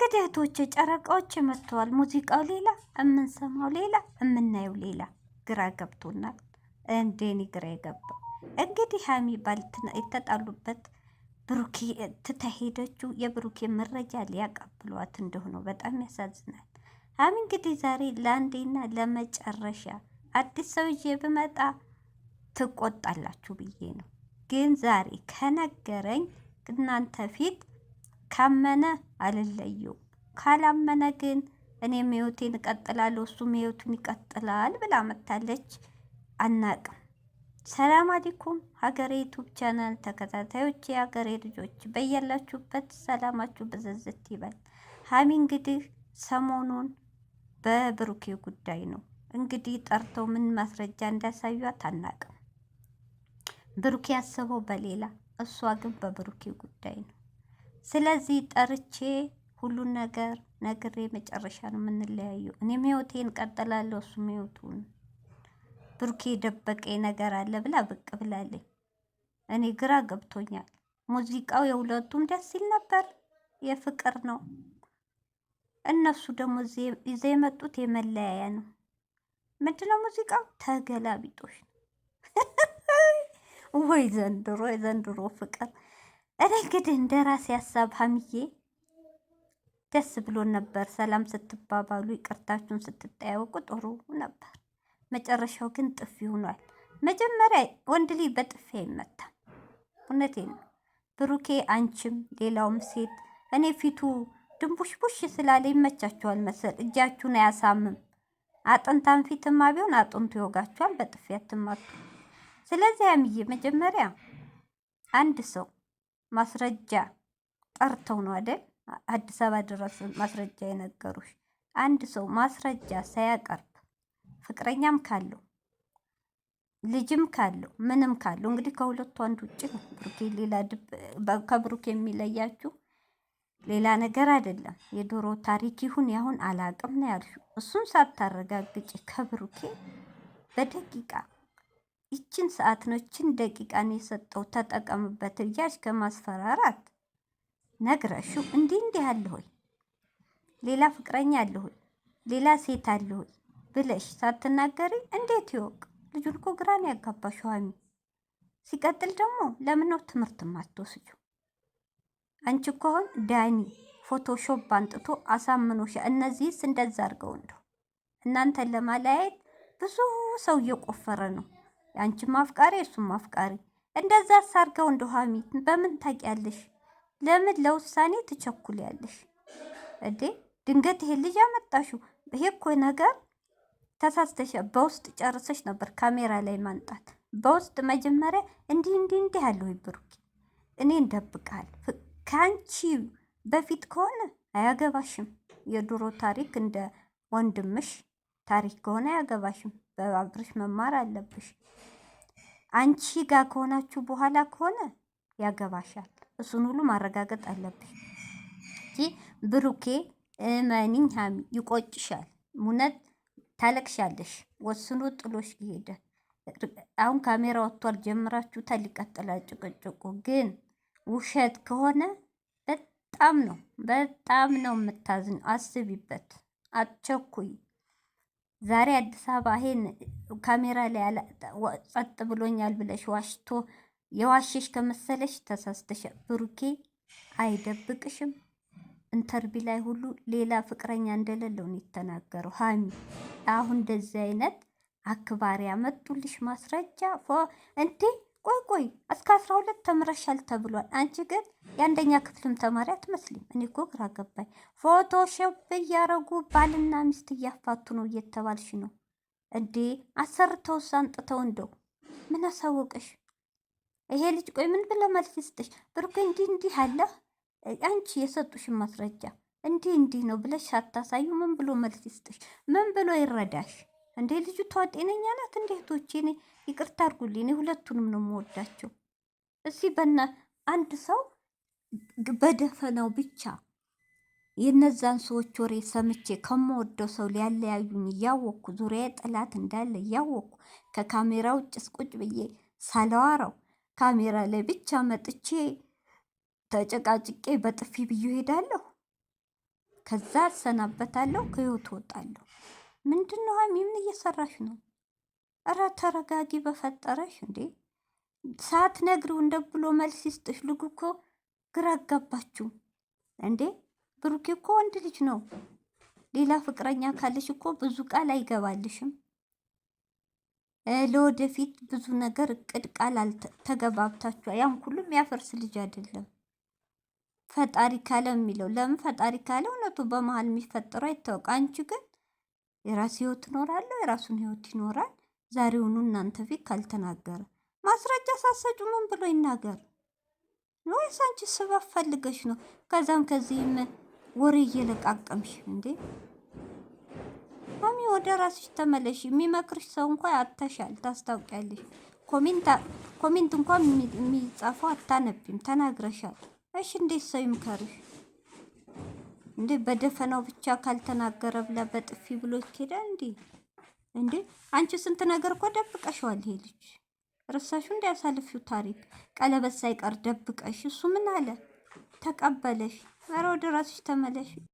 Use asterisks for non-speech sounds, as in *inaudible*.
እንግዲህ እህቶቼ ጨረቃዎች መጥተዋል። ሙዚቃው ሌላ፣ የምንሰማው ሌላ፣ የምናየው ሌላ። ግራ ገብቶናል። እንዴኔ ግራ የገባው እንግዲህ ሀሚ ባል የተጣሉበት ብሩኬ ትተሄደችው የብሩኬ መረጃ ሊያቀብሏት እንደሆነ በጣም ያሳዝናል። ሀሚ እንግዲህ ዛሬ ለአንዴና ለመጨረሻ አዲስ ሰውዬ ብመጣ ትቆጣላችሁ ብዬ ነው፣ ግን ዛሬ ከነገረኝ እናንተ ፊት ካመነ አልለየው ካላመነ ግን እኔም ህይወቴን እቀጥላለሁ እሱም ህይወቱን ይቀጥላል ብላ መታለች። አናቅም። ሰላም አለይኩም ሀገሬ ዩቱብ ቻናል ተከታታዮች፣ የሀገሬ ልጆች በያላችሁበት ሰላማችሁ ብዝዝት ይበል። ሀሚ እንግዲህ ሰሞኑን በብሩኬ ጉዳይ ነው እንግዲህ ጠርተው ምን ማስረጃ እንዳሳዩት አናቅም። ብሩኬ ያስበው በሌላ እሷ ግን በብሩኬ ጉዳይ ነው። ስለዚህ ጠርቼ ሁሉን ነገር ነግሬ መጨረሻ ነው የምንለያየው። እኔ ህይወቴን ቀጥላለሁ፣ እሱም ህይወቱን። ብሩኬ የደበቀ ነገር አለ ብላ ብቅ ብላለኝ። እኔ ግራ ገብቶኛል። ሙዚቃው የሁለቱም ደስ ይል ነበር፣ የፍቅር ነው። እነሱ ደግሞ ይዘ የመጡት የመለያያ ነው። ምንድነው ሙዚቃው? ተገላቢጦሽ ነው *laughs* ወይ ዘንድሮ የዘንድሮ ፍቅር እኔ እንግዲህ እንደ ራሴ ሀሳብ ሀምዬ ደስ ብሎ ነበር። ሰላም ስትባባሉ ይቅርታችሁን ስትጠያወቁ ጥሩ ነበር። መጨረሻው ግን ጥፊ ሆኗል። መጀመሪያ ወንድ ልጅ በጥፊ አይመታም። እውነቴ ነው ብሩኬ፣ አንቺም ሌላውም ሴት እኔ ፊቱ ድንቡሽቡሽ ስላለ ይመቻችኋል መሰል እጃችሁን አያሳምም። አጥንታን ፊትማ ቢሆን አጥንቱ ይወጋችኋል። በጥፊ አትመቱ። ስለዚህ አምዬ መጀመሪያ አንድ ሰው ማስረጃ ጠርተው ነው አይደል አዲስ አበባ ድረስ ማስረጃ የነገሩሽ። አንድ ሰው ማስረጃ ሳያቀርብ ፍቅረኛም ካለው ልጅም ካለው ምንም ካለው እንግዲህ ከሁለቱ አንድ ውጭ ነው። ብሩኬ ሌላ ከብሩኬ የሚለያችሁ ሌላ ነገር አይደለም። የዶሮ ታሪክ ይሁን ያሁን አላቅም ነው ያልሽው። እሱን ሳታረጋግጭ ከብሩኬ በደቂቃ ይችን ሰዓት ነው ይችን ደቂቃን የሰጠው ተጠቀምበት እያልሽ ከማስፈራራት ነግረሹ እንዲህ እንዲህ አለ ሆይ ሌላ ፍቅረኛ አለ ሆይ ሌላ ሴት አለ ሆይ ብለሽ ሳትናገሪ እንዴት ይወቅ? ልጁን እኮ ግራን ያጋባሽ ሀሚ። ሲቀጥል ደግሞ ለምን ነው ትምህርት ማትወስጁ? አንቺ እኮ አሁን ዳኒ ፎቶሾፕ አንጥቶ አሳምኖሻ። እነዚህስ እንደዛ አድርገው እንደው እናንተን ለማለያየት ብዙ ሰው እየቆፈረ ነው። የአንቺም አፍቃሪ የእሱም አፍቃሪ እንደዛ ሳርገው እንደ በምን ታውቂያለሽ? ለምን ለውሳኔ ትቸኩልያለሽ? እዴ ድንገት ይሄ ልጅ አመጣሽው። ይሄ እኮ ነገር ተሳስተሻ። በውስጥ ጨርሰሽ ነበር ካሜራ ላይ ማንጣት በውስጥ መጀመሪያ እንዲህ እንዲህ እንዲህ ያለው ብሩኪ፣ እኔ እንደብቃል ከአንቺ በፊት ከሆነ አያገባሽም። የድሮ ታሪክ እንደ ወንድምሽ ታሪክ ከሆነ አያገባሽም። አብረሽ መማር አለብሽ። አንቺ ጋር ከሆናችሁ በኋላ ከሆነ ያገባሻል። እሱን ሁሉ ማረጋገጥ አለብሽ እንጂ ብሩኬ፣ እመኒኝ ሀሚ ይቆጭሻል። ሙነት ታለቅሻለሽ። ወስኖ ጥሎሽ ይሄደ። አሁን ካሜራ ወጥቷል፣ ጀምራችሁ ተሊቀጥላ ጭቅጭቁ ግን ውሸት ከሆነ በጣም ነው በጣም ነው የምታዝን። አስቢበት፣ አትቸኩይ። ዛሬ አዲስ አበባ ይሄን ካሜራ ላይ ጸጥ ብሎኛል ብለሽ ዋሽቶ የዋሸሽ ከመሰለሽ ተሳስተሽ፣ ብሩኬ አይደብቅሽም። እንተርቢ ላይ ሁሉ ሌላ ፍቅረኛ እንደሌለው ነው የተናገረው። ሀሚ አሁን እንደዚህ አይነት አክባሪ ያመጡልሽ ማስረጃ እንዴ ቆይ ቆይ እስከ አስራ ሁለት ተምረሻል ተብሏል። አንቺ ግን የአንደኛ ክፍልም ተማሪ አትመስልም። እኔ እኮ ግራ ገባኝ። ፎቶሾፕ እያረጉ ባልና ሚስት እያፋቱ ነው እየተባልሽ ነው እንዴ? አሰርተውስ አንጥተው እንደው ምን አሳወቀሽ? ይሄ ልጅ ቆይ ምን ብለ መልስ ይስጥሽ? ብሩክ እንዲህ እንዲህ አለ አንቺ የሰጡሽን ማስረጃ እንዲህ እንዲህ ነው ብለሽ አታሳዩ ምን ብሎ መልስ ይስጥሽ? ምን ብሎ ይረዳሽ? እንዴ ልጅቷ ጤነኛ ናት? እንዴቶቼ እኔ ይቅርታ አድርጉልኝ፣ እኔ ሁለቱንም ነው የምወዳቸው። እዚህ በና አንድ ሰው በደፈናው ብቻ የነዛን ሰዎች ወሬ ሰምቼ ከምወደው ሰው ሊያለያዩኝ እያወቅኩ ዙሪያ ጠላት እንዳለ እያወቅኩ ከካሜራ ውጭ ስቁጭ ብዬ ሳለዋረው ካሜራ ላይ ብቻ መጥቼ ተጨቃጭቄ በጥፊ ብዬ ሄዳለሁ። ከዛ እሰናበታለሁ፣ ከህይወት እወጣለሁ። ምንድን ነው ምን እየሰራሽ ነው? እረ ተረጋጊ በፈጠረሽ። እንዴ ሳትነግሪው እንደ ብሎ መልስ ይስጥሽ። ልጉ እኮ ግራ አጋባችሁ እንዴ። ብሩኬ እኮ ወንድ ልጅ ነው። ሌላ ፍቅረኛ ካለሽ እኮ ብዙ ቃል አይገባልሽም። ለወደፊት ብዙ ነገር እቅድ ቃል ተገባብታችኋ ያን ሁሉ የሚያፈርስ ልጅ አይደለም። ፈጣሪ ካለ የሚለው ለምን ፈጣሪ ካለ እውነቱ በመሀል የሚፈጠረው አይታወቅ። አንቺ ግን የራስ ህይወት እኖራለሁ፣ የራሱን ህይወት ይኖራል። ዛሬውኑ እናንተ ፊት ካልተናገረ ማስረጃ ሳሰጩ ምን ብሎ ይናገር? ወይስ አንቺ ስበብ ፈልገሽ ነው? ከዛም ከዚህም ወሬ እየለቃቀምሽ እንዴ? ማሚ ወደ ራስሽ ተመለሽ። የሚመክርሽ ሰው እንኳ አታሻል፣ ታስታውቂያለሽ። ኮሜንት እንኳ የሚጻፈው አታነቢም፣ ተናግረሻል። እሽ እንዴት ሰው ይምከርሽ? እንዴ በደፈናው ብቻ ካልተናገረ ብላ በጥፊ ብሎ ይኬዳል እንዴ? እንዴ አንቺ ስንት ነገር እኮ ደብቀሽዋል። ይሄ ልጅ ረሳሹ እንዳያሳልፊው ታሪክ ቀለበት ሳይቀር ደብቀሽ፣ እሱ ምን አለ? ተቀበለሽ። ኧረ ወደ ራስሽ ተመለሽ።